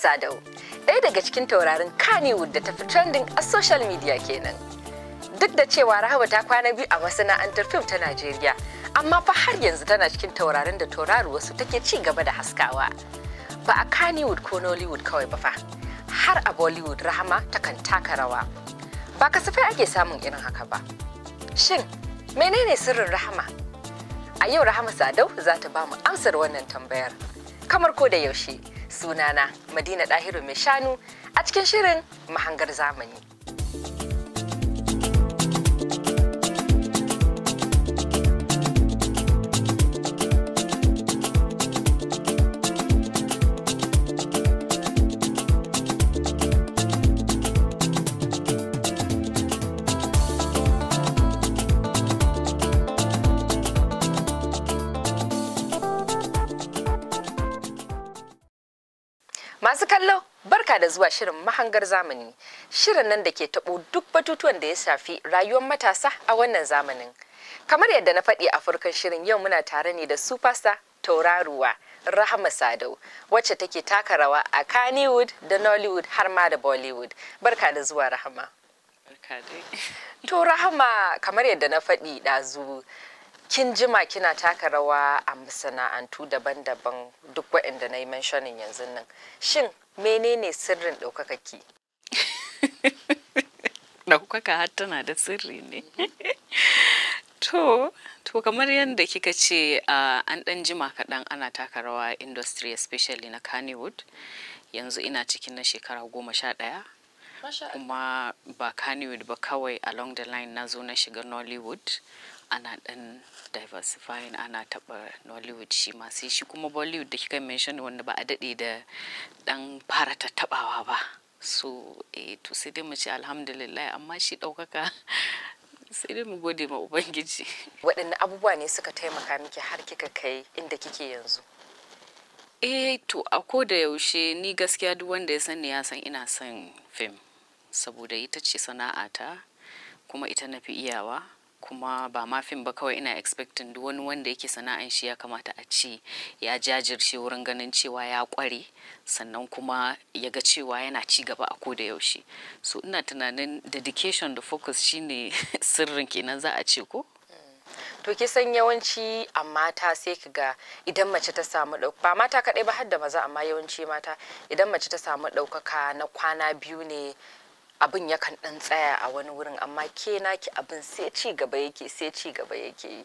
Sadau, ɗaya daga cikin taurarin Kannywood da tafi trending a social media kenan. Duk da cewa Rahaba ta kwana biyu a masana'antar fim ta Najeriya, amma fa har yanzu tana cikin taurarin da tauraruwarsu take ci gaba da haskawa. Ba a Kannywood ko Nollywood kawai ba fa, har a Bollywood Rahama takan taka rawa. Ba kasafai ake samun irin haka ba. Shin, menene sirrin Rahama? A yau Rahama Sadau za ta ba mu amsar wannan tambayar. Kamar ko da yaushe, sunana Madina Dahiru mai shanu a cikin shirin mahangar zamani. kallo barka da zuwa shirin mahangar zamani shirin nan da ke taɓo duk batutuwan da ya shafi rayuwar matasa a wannan zamanin kamar yadda na faɗi a farkon shirin yau muna tare ne da superstar tauraruwa rahama sadau wacce take taka rawa a kannywood da nollywood har ma da bollywood barka da zuwa rahama to rahama kamar yadda na faɗi ɗazu kin jima kina taka rawa a masana'antu daban-daban duk waɗanda na yi mentionin yanzu nan shin menene sirrin ɗaukakaki ɗaukaka har tana da sirri ne to to kamar yadda kika ce an ɗan jima kaɗan ana taka rawa industry especially na kannywood yanzu ina cikin na shekara goma sha ɗaya kuma ba kannywood ba kawai along the line na zo na shiga nollywood ana ɗan diversifying ana taba nollywood shi ma sai shi kuma bollywood da kika mention wanda ba a daɗe da ɗan fara ta taɓawa ba so eh to sai dai mu ce alhamdulillah amma shi ɗaukaka sai dai mu gode ma ubangiji waɗanne abubuwa ne suka taimaka miki har kika kai inda kike yanzu eh to a ko da yaushe ni gaskiya duk wanda ya sani ya san ina son fim saboda ita ce sana'ata kuma ita na fi iyawa kuma ba ma fim ba kawai ina expectin duk wani wanda yake sana'an shi ya kamata a ci ya jajirce wurin ganin cewa ya kware sannan kuma ya ga cewa yana ci gaba a ko da yaushe so ina tunanin dedication da focus shine sirrin kenan za a ce ko mm. to ki san yawanci a mata sai ki ga idan mace ta samu ɗaukaka ba mata kaɗai ba har da maza amma yawanci mata idan mace ta samu ɗaukaka na kwana biyu ne abin yakan dan tsaya a wani wurin amma ke naki abin sai ci gaba yake sai ci gaba yake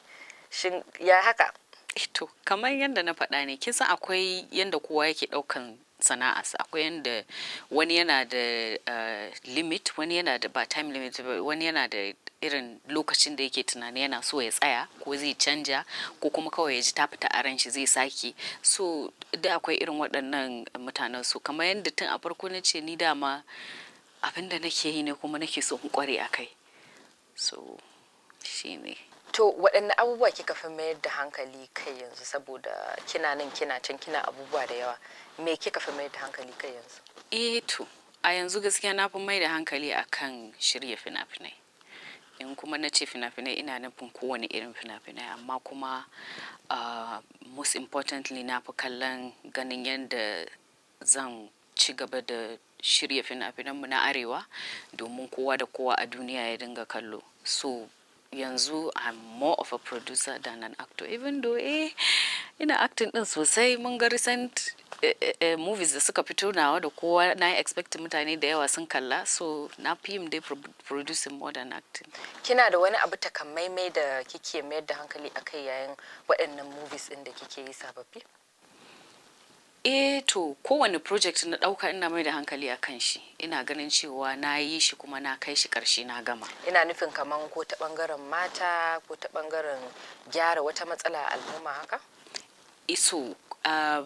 shin ya haka eh to kamar yadda na faɗa ne kin akwai yadda kowa yake ɗaukan sana'a akwai yadda wani yana da eh, limit wani yana da ba time limit wani yana da irin lokacin da yake tunani yana so ya tsaya ko zai canja ko kuma kawai ya ji ta fita a ran shi zai sake so da akwai irin waɗannan mutanen su kamar yadda tun a farko na ce ni dama abin da nake yi ne kuma nake so in kware a kai so shi ne to waɗanne abubuwa kika fi mayar da hankali kai yanzu saboda kina nan kina can kina abubuwa da yawa me kika fi mayar da hankali kai yanzu eh to a yanzu gaskiya na fi mai da hankali akan shirya fina-finai in kuma na ce fina-finai ina nufin kowane irin fina-finai amma kuma ah, most importantly na fi kallon ganin yadda zan ci gaba da shirya fina-finanmu na arewa domin kowa da kowa a duniya ya dinga kallo so yanzu i'm more of a producer than an actor even though eh ina acting din sosai mun ga recent eh, eh, eh, movies da suka fito nawa da kowa na expect mutane da yawa sun kalla so na fi yin dai producing more than acting kina da wani abu takamaimai da kike mayar da hankali akai yayin waɗannan movies din da kike yi sababbi eh to kowane project na ɗauka ina mai da hankali a kan shi ina ganin cewa na yi shi kuma na kai shi karshe na gama ina nufin kaman ko ta bangaren mata ko ta bangaren gyara wata matsala al'umma haka iso eh, ah,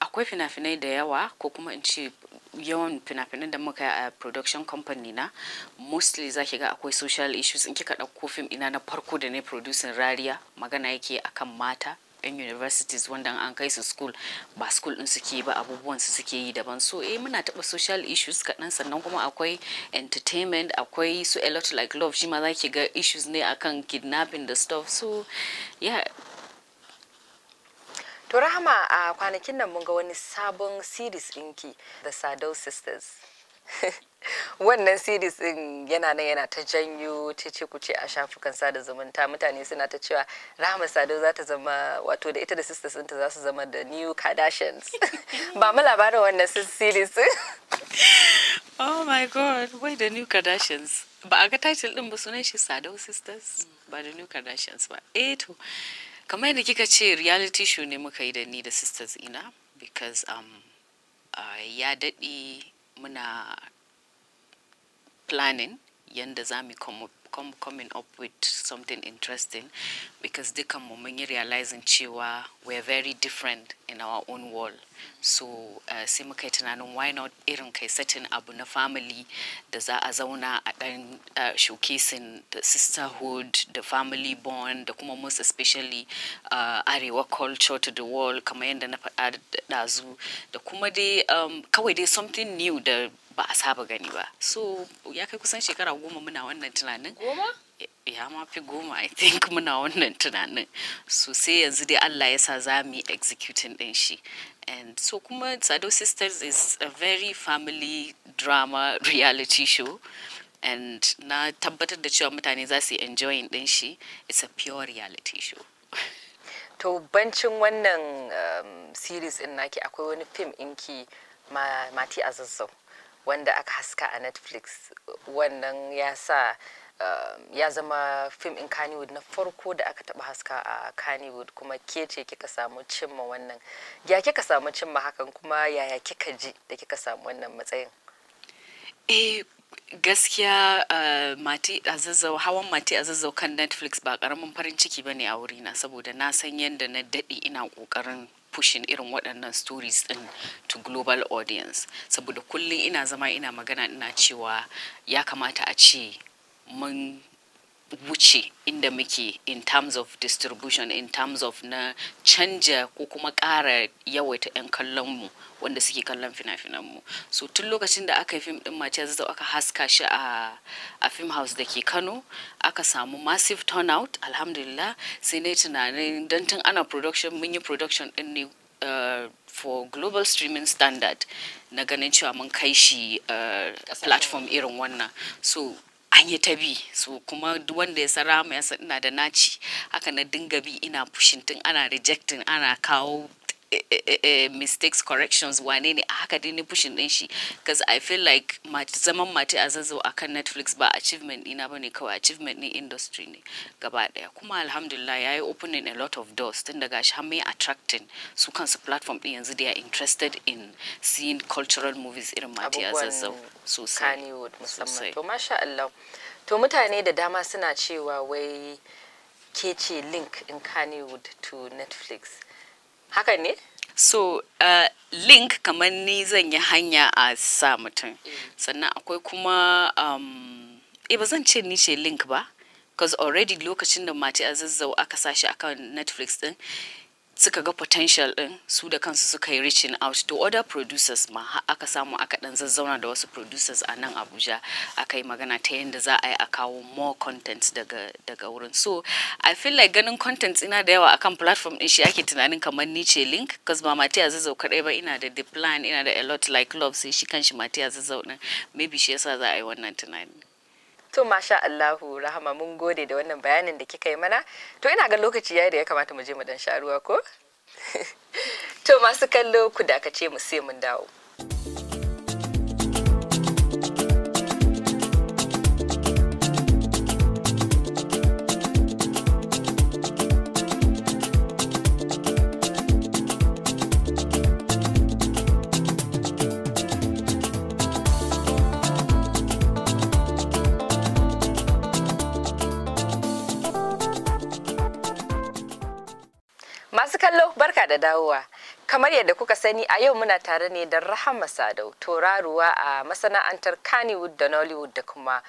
akwai fina-finai da yawa ko kuma in ce yawan fina finai da muka yi a production company na mostly za ki ga akwai social issues in kika ɗauko fim ina na farko da na producing rariya magana yake akan mata yan universities wanda an kai su school ba school din suke ba abubuwan su suke yi daban so eh muna taba social issues kaɗan sannan kuma akwai entertainment akwai su a lot like love shi ma za ki ga issues ne akan kidnapping da stuff so yeah To Rahama a kwanakin nan mun ga wani sabon series ɗinki The Sadau Sisters. wannan series din yana nan yana ta janyo cece kuce a shafukan sada zumunta mutane suna ta cewa rahama sadau za ta zama wato da ita da sisters ta za su zama da new kardashians ba mu labarin wannan series oh my god wai da new kardashians ba a ga title din ba sunan shi sadau sisters ba da new kardashians ba eh to kamar yadda kika ce reality show ne muka yi da ni da sisters ina because um, uh, ya daɗe muna planning yadda za come coming up with something interesting because dukanmu mun yi realizing cewa we're very different in our own world so eh, sai muka yi tunanin why not irin kai satin abu na family da za a zauna a dan eh, showcasing the sisterhood the family bond da kuma most especially eh, arewa culture to the world kamar yadda na faɗa ɗazu da kuma dai um, kawai dai something new da ba a saba gani ba so ya kai kusan shekara goma muna wannan tunanin goma ya ma fi goma i think muna wannan tunanin so yanzu dai allah ya sa za mu yi executing din shi And so Kuma Sado Sisters is a very family drama reality show. And na tabbatar da cewa mutane za su enjoy din shi. It's a pure reality show. To bancin wannan um, series din naki akwai wani film inki ma, Mati Azazzau wanda aka haska a Netflix. Wannan ya sa Ehm, ya zama fim in Kannywood na farko da aka taba haska a Kannywood kuma ke ce kika samu cimma wannan ya kika samu cimma hakan kuma yaya kika ji da kika samu wannan matsayin eh gaskiya eh, mati azazzau hawan mati azazzau kan netflix ba karamin farin ciki ba ne a wurina saboda na san yadda na daɗe ina ƙoƙarin pushing irin waɗannan stories ɗin to global audience saboda kullum ina zama ina magana ina cewa ya kamata a ce mun wuce inda muke in terms of distribution in terms of na canja ko kuma ƙara yawaita 'yan kallonmu wanda suke kallon fina-finanmu so tun lokacin da aka yi fim din mace zazzau aka haska shi a, a film house da ke kano aka samu massive turnout alhamdulillah sai na tunanin don tun ana production mun yi production din ne eh, for global streaming standard na ganin cewa mun kai shi uh, platform irin wannan so an yi ta bi so kuma duk wanda ya san rahama ya san ina da naci haka na dinga bi ina pushing tun ana rejecting ana kawo Eh, eh, mistakes corrections wane ne a haka dai ni pushing din shi because i feel like zaman mati a zazzau akan netflix ba achievement ɗina ba ne kawai achievement ne industry ne gaba daya kuma alhamdulillah ya yi opening a lot of doors tun daga shi har mai attracting su kansu platform din yanzu they are interested in seeing cultural movies irin mati a zazzau sosai to masha Allah to mutane da dama suna cewa wai ke ce link in Kannywood to Netflix haka ne so uh, link kamar ni zan yi hanya a sa mutum mm. sannan akwai kuma um, e ba zan ce ni ce link ba because already lokacin da mati zazzau aka sashi akan netflix din suka ga potential din su da kansu suka yi reaching out to other producers ma aka samu aka dan zazzauna da wasu producers a nan abuja aka yi magana ta yadda za a yi a kawo more content daga daga wurin so i feel like ganin content ina da yawa akan platform din shi ake tunanin kamar ni ce link cause ba matiya zazzau kadai ba ina da the plan ina da a lot like love sai shi kanshi matiya zazzau din maybe shi yasa za a yi wannan tunanin to masha Allahu rahama mun gode da wannan bayanin da kika yi mana to ina ga lokaci yayi da ya kamata mu je mu dan sharuwa ko to masu kallo ku dakace mu sai mun dawo da dawowa. Kamar yadda kuka sani a yau muna tare ne da Rahama Sadau, tauraruwa a masana'antar Kannywood da Nollywood da kuma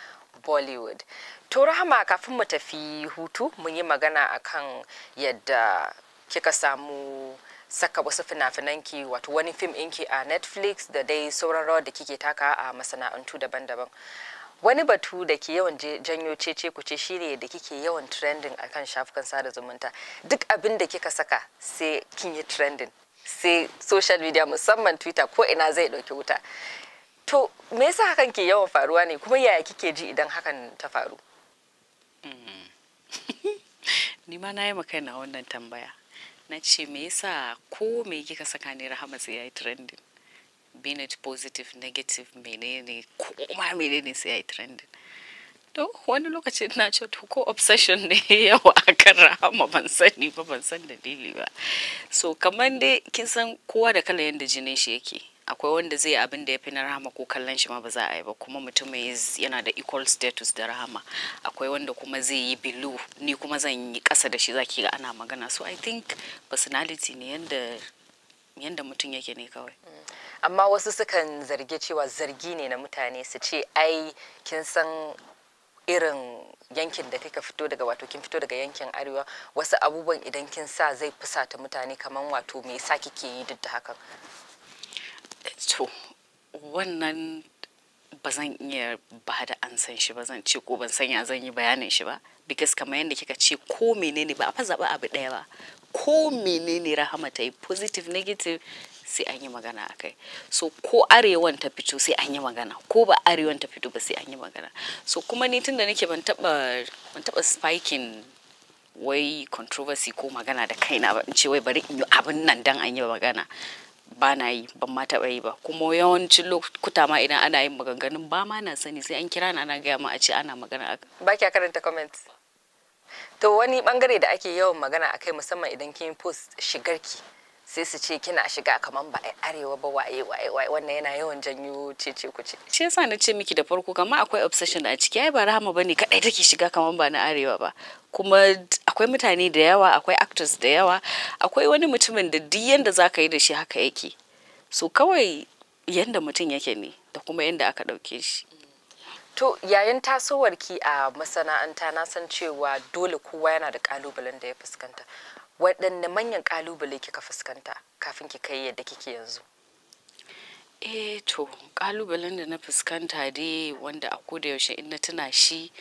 Bollywood. To Rahama kafin mu tafi hutu mun yi magana kan yadda kika samu saka wasu fina-finanki wato wani fim inki a Netflix da dai sauran rawar da kike taka a masana'antu daban-daban. wani batu da ke yawan janyo cece ku ce shine da kike yawan trending akan shafukan sada zumunta duk abin da kika saka sai kin yi trending sai social media musamman twitter ko ina zai dauki wuta to me yasa hakan ke yawan faruwa ne kuma yaya kike ji idan hakan ta faru hmm. ni ma na yi maka na wannan tambaya na ce me yasa ko me kika saka ne rahama sai yayi trending it positive negative menene kuma menene sai ya yi trending to wani lokacin na ce ko obsession ne yawa akan rahama ban sani ba ban san dalili ba so kamar dai kin san kowa da kalar yanda jinin shi yake akwai wanda zai abin da ya fi na rahama ko kallon shi ma ba za a yi ba kuma mutum yana da equal status da rahama akwai wanda kuma zai yi bilu ni kuma zan yi kasa da shi zaki ga ana magana so i think personality ne yanda mutum yake ne kawai mm. amma wasu sukan zarge cewa zargi ne na mutane su ce ai kin san irin yankin da kika fito daga wato kin fito daga yankin arewa wasu abubuwan idan kin sa zai fusata mutane kamar wato me yasa kike yi duk da hakan to wannan ba zan iya ba da an san shi ba zan ce ko ban san zan yi bayanin shi ba because kamar yadda kika ce ko menene ba a fa zaba abu ɗaya ba ko menene rahama ta yi positive negative sai an yi magana a kai so ko arewan ta fito sai an yi magana ko ba arewan ta fito ba sai an yi magana so kuma ni tun da nake ban taba ban taba spiking wai controversy ko magana da kaina ba in ce wai bari in yi abin nan dan an yi magana ba na yi ban ma taba yi ba kuma yawancin lokuta ma idan ana yin maganganun ba ma na sani sai an kira na ana gaya ma a ce ana magana a ba kya karanta comments to wani bangare da ake yawan magana a kai musamman idan kin post ki. sai su ce kina shiga kamar ba arewa ba waye waye waye wannan yana yawan janyo cece ce. shi yasa na ce miki da farko kamar akwai obsession a ciki ai ba rahama bane kadai take shiga kamar ba na arewa ba kuma akwai mutane da yawa akwai actors da yawa akwai wani mutumin da duk yanda zaka yi da shi haka yake so kawai yanda mutum yake ne da kuma yanda aka dauke shi To yayin tasowarki a masana'anta na san cewa dole kowa yana da kalubalen da ya fuskanta. waɗanne manyan ƙalubale kika fuskanta kafin ki kai yadda kike yanzu eh to ƙalubalen da na fuskanta dai wanda a koda yaushe in na tuna shi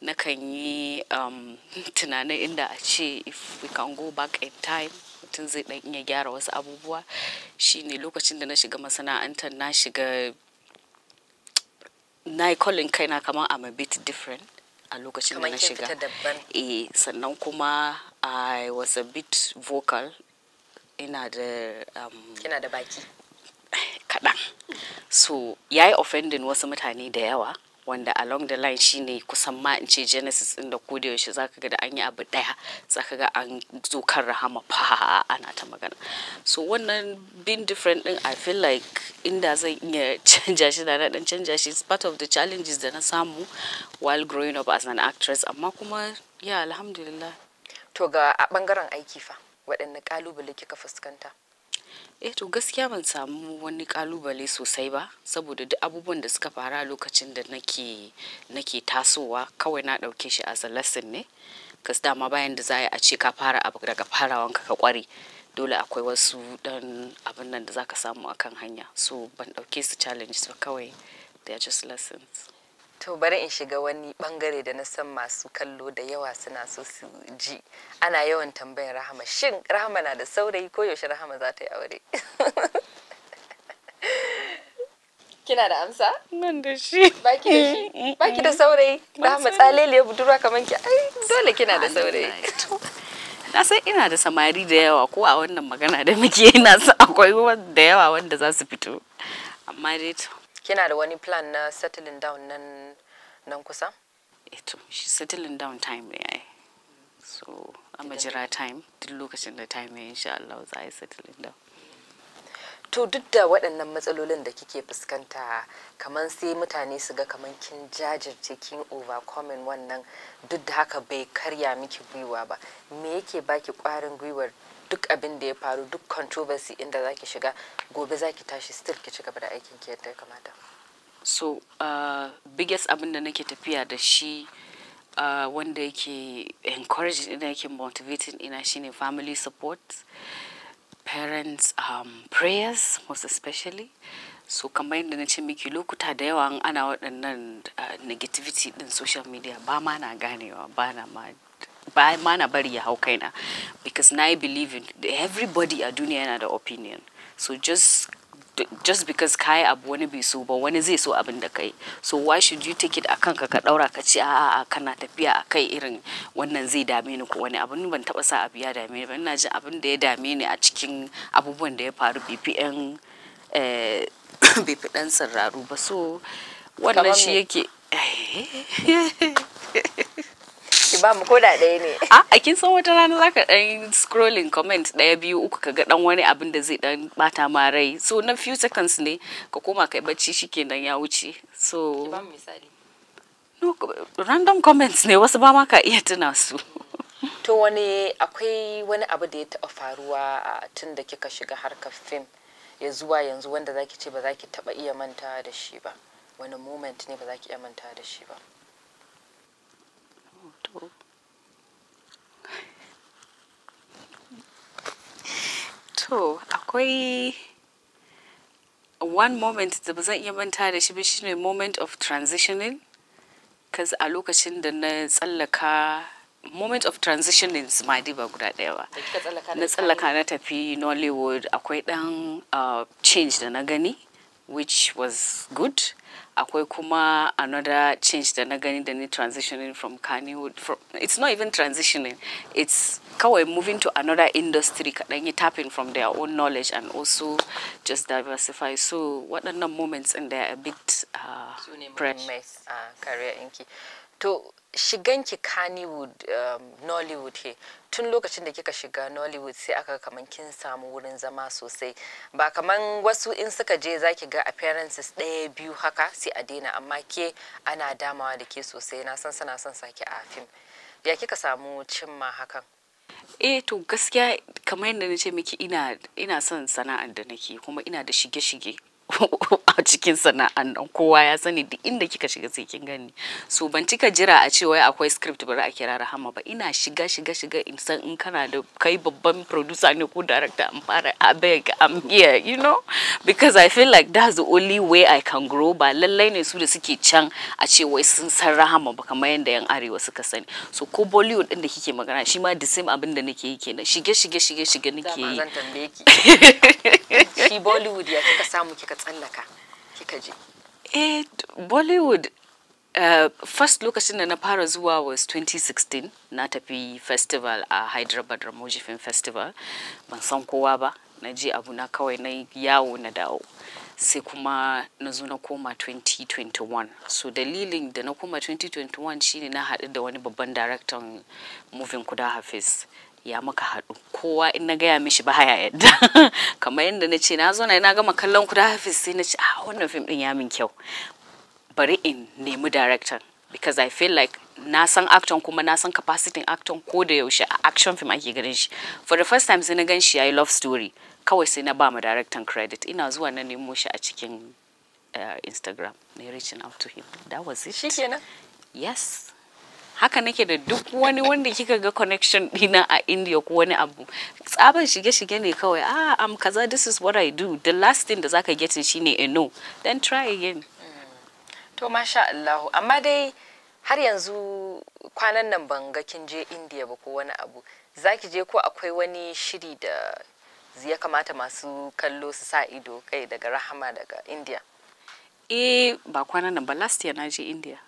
na kan yi um, tunanin inda a ce if we can go back in time mutum zai ɗan iya gyara wasu abubuwa shine lokacin da na shiga masana'antar na shiga na yi kolin kaina kamar a bit different a lokacin da na shiga eh sannan kuma I was a bit vocal ina da um, kina da baki kaɗan so ya offending wasu mutane da yawa wanda along the line shine kusan ma in ce genesis din da ko za yaushe zaka ga da an yi abu daya zaka ga an zo kan rahama fa ana ta magana so wannan being different din i feel like inda zan iya canja shi da na dan canja shi is part of the challenges da na samu while growing up as an actress amma kuma ya alhamdulillah to ga a bangaren aiki fa waɗanne kalubale kika fuskanta eh to gaskiya ban samu wani kalubale sosai ba saboda duk abubuwan da suka fara lokacin da nake nake tasowa kawai na ɗauke shi a lesson ne kas dama bayan da za a ce ka fara abu daga farawanka ka kware dole akwai wasu dan abin nan da zaka samu akan hanya so ban ɗauke su challenges ba kawai they are just lessons to bari in shiga wani bangare da na san masu kallo da yawa suna so su ji ana yawan tambayin rahama shin rahama na da saurayi ko yaushe rahama za ta yi aure kina da amsa nan da shi baki da shi mm, mm, baki da mm. saurayi rahama tsalele ya budurwa kamar ki ai dole kina da saurayi na san ina da samari da yawa ko a wannan magana da muke ina su akwai da yawa wanda za su fito amma dai to kina da wani plan na settling down nan nan kusa eto eh shi settling down time ne ai so amma jira time duk lokacin da time ne insha Allah za a yi settling down to duk da waɗannan matsalolin da kike fuskanta kamar sai mutane su ga kamar kin jajirce kin overcoming wannan duk da haka bai karya miki gwiwa ba me yake baki ƙwarin gwiwar duk abin da ya faru duk controversy inda zaki shiga gobe zaki tashi still ki ci gaba da aikin ki yadda ya kamata so uh, biggest abin da nake tafiya da shi uh, wanda yake encouraging ina yake motivating ina shine family support parents um, prayers most especially so kamar yadda na ce miki lokuta da yawa ana waɗannan uh, negativity din social media ba ma na ganewa ba na ma bayan ma na bari ya hau kaina because na yi in everybody a duniya yana da opinion so just just because kai abu wani bai so ba wani zai so abin da kai so why should you take it a kanka ka daura ka ce a'a kana tafiya a kai irin wannan zai dame ni ko wani abin ban taba sa abu ya dame ni ba ina jin abin da ya dame ni a cikin abubuwan da ya faru bpn eh bpn sirraru ba so wannan shi yake eh, ba mu ko da ɗaya ne a ah, kin san wata rana zaka ɗan scrolling comment ɗaya biyu uku kaga dan wani abin da zai ɗan bata ma rai so na few seconds ne ka koma kai bacci shikenan ya wuce so no random comments ne wasu ba ma ka iya tuna su to wani akwai wani abu da ya taɓa faruwa tun da kika shiga harkar fim ya zuwa yanzu wanda zaki ce ba zaki taɓa iya manta da shi ba wani moment ne ba zaki iya manta da shi ba to akwai one moment da ba zan iya manta da shi ba shine moment of transitioning kaz a lokacin da na tsallaka moment of transition in smadi ba guda ɗaya ba na tsallaka na tafi nollywood akwai ɗan ah, change da na gani which was good akwai kuma another change da na gani da ni transitioning from Kannywood it's not even transitioning it's kawai moving to another industry kaɗan yi tapping from their own knowledge and also just diversify so waɗannan moments in there a bit uh, uh to shiganki Kannywood um, Nollywood he tun lokacin da kika shiga Nollywood sai aka kaman kin samu wurin zama sosai ba kaman wasu in suka je zaki ga appearances ɗaya biyu haka sai a daina amma ke ana damawa da ke sosai na san sana son sake a fim ya kika samu cimma hakan eh to gaskiya kamar yadda na ce miki ina ina son sana'ar da nake kuma ina da shige-shige a cikin sana'an nan kowa ya sani duk inda kika shiga sai kin gani so ban cika jira a ce wai akwai script bari a kira rahama ba ina shiga shiga shiga in san in kana da kai babban producer ne ko director an fara beg am here you know because i feel like that's the only way i can grow ba lallai ne su da suke can a ce wai sun san rahama ba kamar yanda yan arewa suka sani so ko bollywood din da kike magana shi ma the same abin da nake yi kenan shige shige shige shige nake yi shi bollywood ya kika samu kika tsallaka kika je eh bollywood Uh, first lokacin da na fara zuwa was 2016 na tafi festival a uh, Hyderabad Ramoji Film Festival ban san kowa ba na je abu na kawai na yawo na dawo sai kuma na zo na koma 2021 so dalilin da na koma 2021 shine na haɗu da wani babban daraktan movie kuda hafiz ya maka haɗu kowa in na gaya mishi ba ya yadda kamar yadda na ce na zo na gama kallon ku da hafiz sai na ce a ah, wannan fim ɗin ya min kyau bari in nemi director because i feel like na san acton kuma na san capacity acton ko da yaushe a action film ake ganin shi for the first time sai na gan shi yayi love story kawai sai na ba mu director credit ina zuwa na nemo shi a cikin eh, instagram na reaching out to him that was it shikenan yes haka nake da duk wani wanda kika ga connection dina a india ko wani abu tsaban shige-shige ne kawai ah am kaza this is what i do the last thing da zaka get shine a no then try again mm. to masha Allah amma dai har yanzu kwanan nan ban ga kin je india ba ko wani abu zaki je ko akwai wani shiri da ya kamata masu kallo su sa ido kai daga rahama daga india eh ba kwanan nan ba last year na je india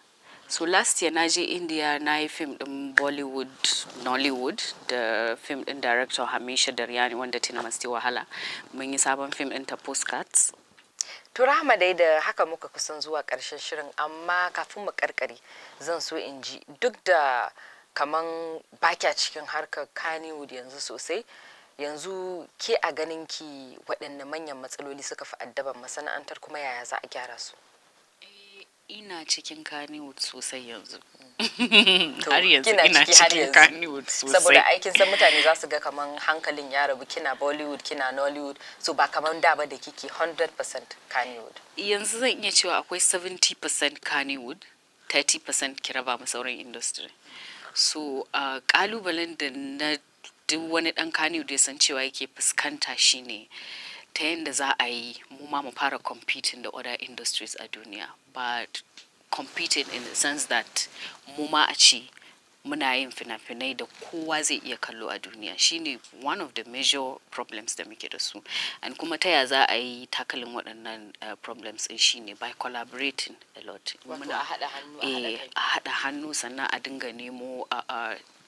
so last year na je india na yi fim din bollywood nollywood da fim din director hamisha daryani wanda tina masti wahala mun yi sabon fim din ta postcards to rahma dai da haka muka kusan zuwa karshen shirin amma kafin mu karkare zan so in ji duk da kaman bakya cikin harkar kaniwood yanzu sosai yanzu ke a ganin ki waɗanne manyan matsaloli suka fi addaban masana'antar kuma yaya za a gyara su ina cikin Kannywood sosai yanzu. har yanzu ina cikin Kannywood sosai. Saboda aikin san mutane za su ga kaman hankalin ya rabu kina Bollywood kina Nollywood so ba kaman da ba da kiki 100% Kannywood. Yanzu zan iya cewa akwai 70% Kannywood 30% kira ba mu sauran industry. So kalubalen da na duk wani dan Kannywood ya san cewa yake fuskanta shine. ne ta yadda za a yi mu ma mu fara competing da other industries a duniya but competing in the sense that mu ma a ce muna yin fina-finai da kowa zai iya kallo a duniya shine one of the major problems da muke da su and kuma ta ya za a yi takalin waɗannan eh, problems problems shi shine by collaborating a lot eh, a haɗa hannu sannan a dinga nemo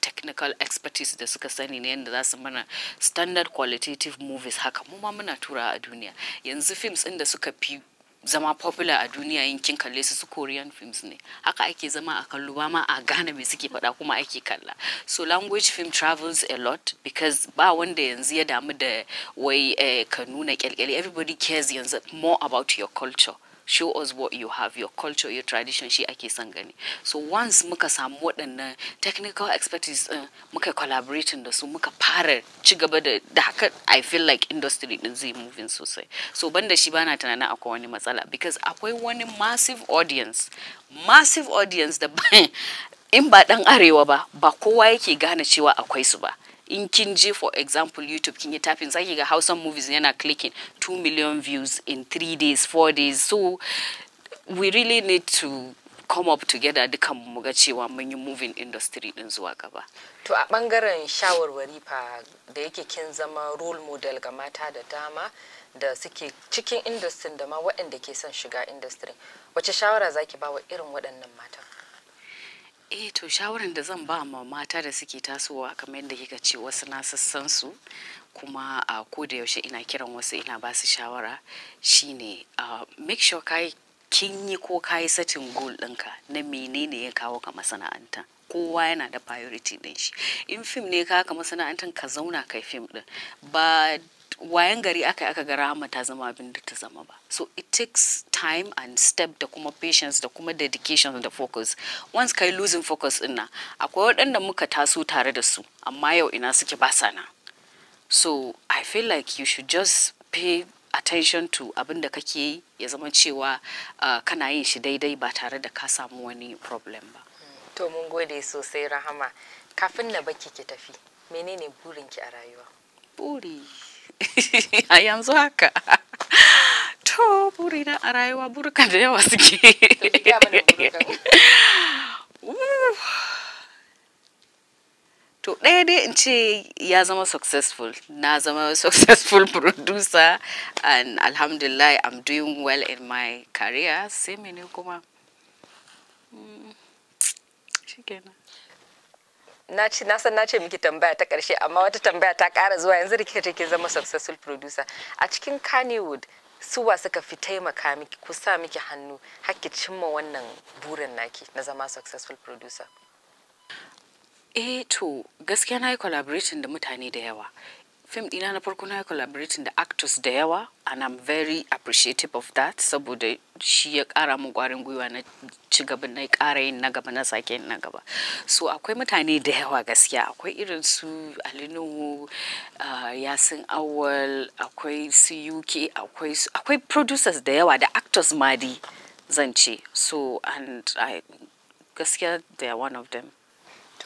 technical expertise da suka sani ne yadda za su mana standard qualitative movies haka mu ma muna tura a duniya yanzu films ɗin da suka fi zama popular a duniya yankin kalle su su korean films ne haka ake zama a kallo ba ma a gane me suke faɗa kuma ake kalla so language film travels a lot because ba wanda yanzu ya damu da wai eh, ka nuna kyalkyali everybody cares yanzu more about your culture show us what you have your culture your tradition shi ake son gani so once muka samu waɗannan technical expertise din muka collaborating da su muka fara ci gaba da da haka i feel like industry din zai moving sosai so banda shi bana tunanin akwai wani matsala because akwai wani massive audience massive audience da in ba dan arewa ba ba kowa yake gane cewa akwai su ba in kin je for example youtube kin yi tapping zaki ga hausan movies yana clicking 2 million views in 3 days 4 days so we really need to come up together dukan mu ga cewa mun yi moving industry din zuwa gaba. To a bangaren shawarwari fa da yake kin zama role model ga mata da dama da suke cikin industry da ma waɗanda ke son shiga industry. Wace shawara zaki ba wa irin waɗannan matan? eh to shawarar da zan ba ma mata da suke tasowa kamar yadda kika ce wasu na sassan su kuma a ko da yaushe ina kiran wasu ina ba su shawara shine make sure kai kin yi ko kayi satin goal ɗinka na menene ya kawo ka masana'anta kowa yana da priority ɗin shi in fim ne ka ka masana'antar ka zauna kai fim ɗin ba wayan gari aka aka ga rahama ta zama abin da ta zama ba so it takes time and step da kuma patience da kuma dedication da focus once kai losing focus ina akwai waɗanda muka taso tare da su amma yau ina suke ba sana so i feel like you should just pay attention to abin da kake yi ya zama cewa ah, kana yin shi daidai ba tare da ka samu wani problem ba to mun gode sosai rahama kafin na baki ki tafi menene burinki a rayuwa buri a yanzu haka to burina a rayuwa burka da yawa suke to ɗaya dai in ce ya zama successful na zama successful producer and alhamdulillah i'm doing well in my career sai mene kuma hmm, na na san na ce miki tambaya ta karshe amma wata tambaya ta kara zuwa yanzu rike take zama successful producer a cikin Kannywood su wa suka fi taimaka miki ku sa miki hannu hakki cimma wannan burin naki na zama successful producer eh to gaskiya na yi collaboration da mutane da yawa fim ɗina na farko na collaborating da actors da yawa and I'm very appreciative of that saboda shi ya kara mun ƙwarin gwiwa na ci gaba na ƙara yin na gaba na sake yin na gaba so akwai mutane da yawa gaskiya akwai irin su Alinu uh, Yasin Awal akwai su UK akwai akwai producers da yawa da actors ma dai zan ce so and I gaskiya they are one of them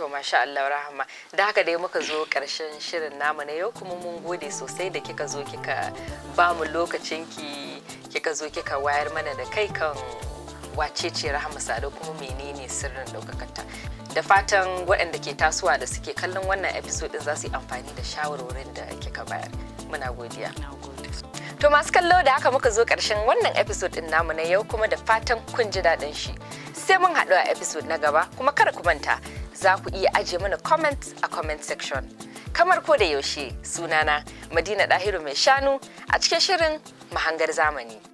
to masha Allah rahama da haka dai muka zo karshen shirin namu na yau kuma mun gode sosai da kika zo kika ba mu lokacin kika zo kika wayar mana da kai kan wace ce rahama sado kuma menene sirrin daukakarta. da fatan waɗanda ke tasuwa da suke kallon wannan episode za su yi amfani da shawarwarin da kika bayar muna godiya to masu kallo da haka muka zo ƙarshen wannan episode din namu na yau kuma da fatan kun ji daɗin shi sai mun haɗu a episode na gaba kuma kada ku manta za ku iya ajiye mana comment a comment section. Kamar ko da yaushe sunana Madina Dahiru mai shanu a cikin shirin mahangar zamani.